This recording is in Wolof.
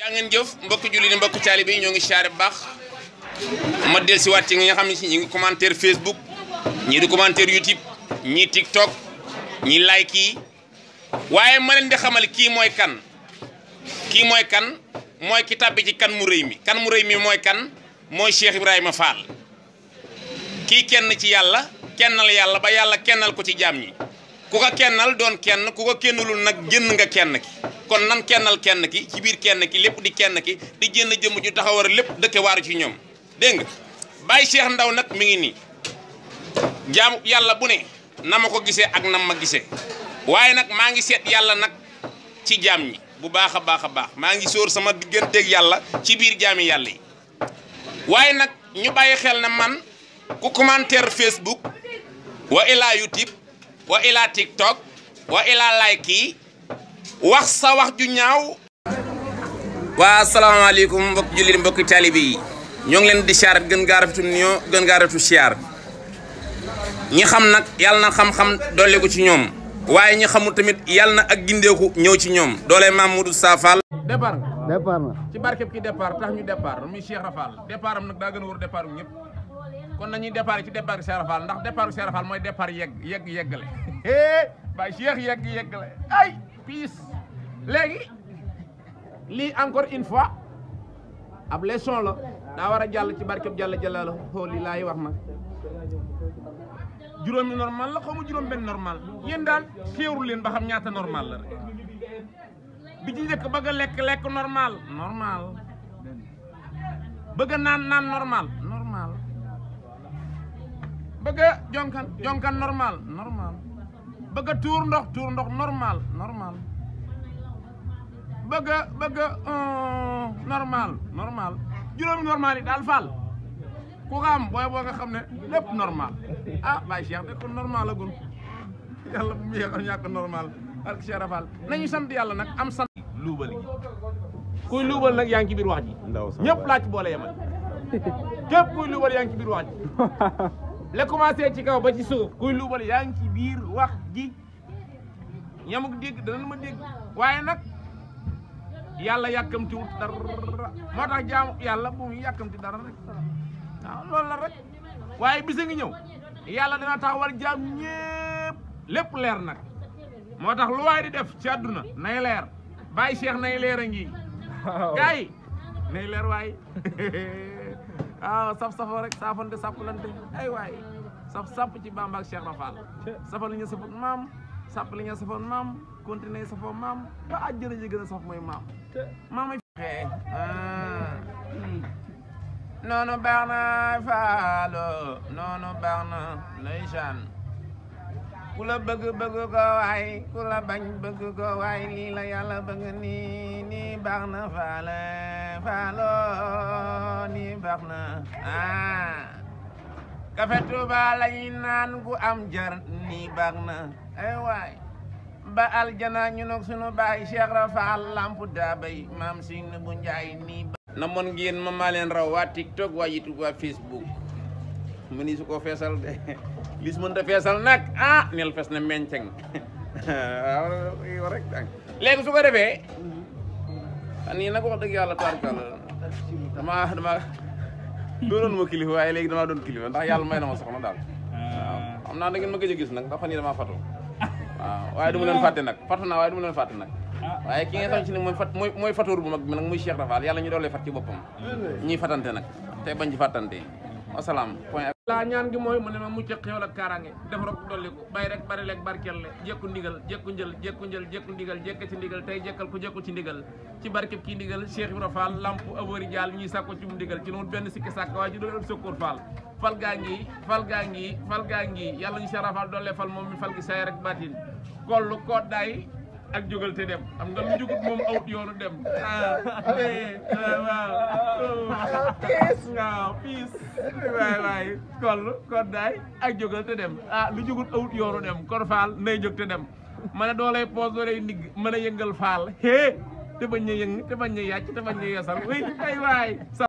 jaa ngeen jëf mbokk julli ni mbokki taalibe yi ñoo ngi siyaare bu baax ma del si waat ci nga xam ne si ñu ngi commentaire Facebook ñii di commentaire YouTube ñii TikTok ñi like yi waaye ma leen di xamal kii mooy kan kii mooy kan mooy ki tàbbi ci kan mu rëy mi kan mu réy mi mooy kan mooy Cheikh Ibrahima Fall kii kenn ci yàlla kennal yàlla ba yàlla kennal ko ci jaam yi ku ko kennal doon kenn ku ko kennalul nag génn nga kenn ki kon nan kennal kenn ki ci biir kenn ki lépp di kenn ki di génn jëmm ju taxawara lépp dëkke waaru ci ñoom dégg nga Baye Cheikh Ndaw nag mi ngi nii jaamu yàlla bu ne na ma ko gisee ak na ma gisee waaye nag maa ngi seet yàlla nag ci jaam ñi bu baax a baax a baax maa ngi sóor sama digganteeg yàlla ci biir jaami yàlla yi waaye nag ñu bàyyi xel ne man ku commentaire Facebook wa ilaa YouTube wa ilaa TikTok wa ilaa like wax sa wax ju ñaaw. waa asalaamaaleykum mbokki jullit mbokki taalibe yi ñoo ngi leen di siyaar gën gaa rafetu nuyoo gën gaa rafetu siyaar ñi xam nag yàlla na xam-xam dolli ko ci ñoom waaye ñi xamul tamit yàlla na ak gindeeku ñëw ci ñoom doole Mamadou Safal. départ nga départ na. ci ñu départ muy Cheikh Rafal départ am nag daa kon nañuy départ ci départ yu Cheikh Fall ndax départ yu mooy départ yegg yegg yeggale hee Baye Cheikh yegg yeggale ay piis léegi lii encore une fois ab leçon la daa war a jàll ci barkeb Jalla Jalaalu xool yi laay wax nag juróomi normal la xaw ma juróom benn normal yéen daal séeru leen ba xam ñaata normal la rek bi ci njëkk bëgg a lekk lekk normal normal bëgg a naan naan normal bëgg a jonkan jonkan normal normal tuur ndox tuur ndox normal normal bëgg a bëgg a euh, juróomi normal yi daal faal ku xam booy boo nga xam ne lépp normal ah Baye Cheikh de kon normal la gun yàlla bu mu yéexoon ñàkk normal ak Cheikh Rafal nañu sant yàlla nag am sant luubal gi kuy luubal nag yaa ngi ci biir wax ji ñëpp laa ci boole yemal kuy luubal yaa ngi ci ji la commencé ci kaw ba ci suuf kuy luubal yaa ngi ci biir wax ji ñamuk dégg danañ ma dégg waaye nag yàlla yàkkamtiwut dara moo tax jaamu yàlla bu muy yàkkamti dara rek waaw loolu la rek waaye bisa ngi ñëw yàlla dana taxawal jaam ñépp lépp leer nag moo tax lu waay di def ci àdduna nay leer bàyyi cheikh nay leer a ngi gaay nay leer waay waaw ah, saf safoo rek saafante sàppalante ay waay sap sàpp ci Bamba ak Cheikh Rafal safal sap nga safoon maam sàpp li nga safoon maam continuer safoo maam ba àjjana ji gën a saf mooy maam maam ay fexee ah. noonu baax na faalo noonu baax na lay caan ku la bëgg bëgg ko waay ku la bañ bëgg ko waay lii la yàlla bëgg nii nii baax na faale faaloo ah. ni baax na kafe eh Tuuba lañuy naan gu am jar ni baax na ay ba aljana ñu nag sunu baay Cheikh Rafaal lamp daa bay maam si nu bu njaay nii na moon ngeen ma maa leen raw waa TikTok waa YouTube waa Facebook mu ni ko feesal de lis mën ta feesal nag ah nel na meñceng waaw rek léegi su fan ah, yii nag wax yàlla taarkalla damaa waaye léegi damaa doon kilifa ndax yàlla may na ma soxna daal. Ah. waaw xam naa da ngeen ma gëj gis nag ndax fan yii damaa fàttu. waaw waaye du ma leen fàtte nag fàttu naa waaye du ma leen fàtte nag. Ah. waaye ki nga xam ci ne mooy fat mooy mooy fatoor bu mag bi nag muy Cheikh ñu doolee fat ci boppam. ñuy fatante nag te bañ ci fàttante. wasalaam point laa ñaan gi mooy mu ne ma mucc ak xéwal ak kaaraange def rek dolliku bay rek bari lekk barkeel le jekku ndigal jekku njël jekku njël jekku ndigal jekk ci ndigal tey jekkal ku jekku ci ndigal ci a kii ndigal Cheikh Ibra Fall lamp ñuy sàkko ci mu ndigal ci noonu benn sikki sàkk waaye ci doon ëpp sëkkoor Fall gaa ngi fal gaa ngi fal gaa ngi yàlla ñu sarafal doole fal moom mi fal gi saay rek baatin kollu koddaay ak jógal te dem xam nga lu jugut moom awut yoonu dem ah, eh, eh, waaw peace waaw peace waay waay kon kon daay ak jógal te dem ah lu jógul awut yoonu dem kon faal nay jóg te dem mën a doolay poos doolay ndigg mën a yëngal faal hee te bañ a yëng te bañ a yàcc te bañ a yeesal ay waay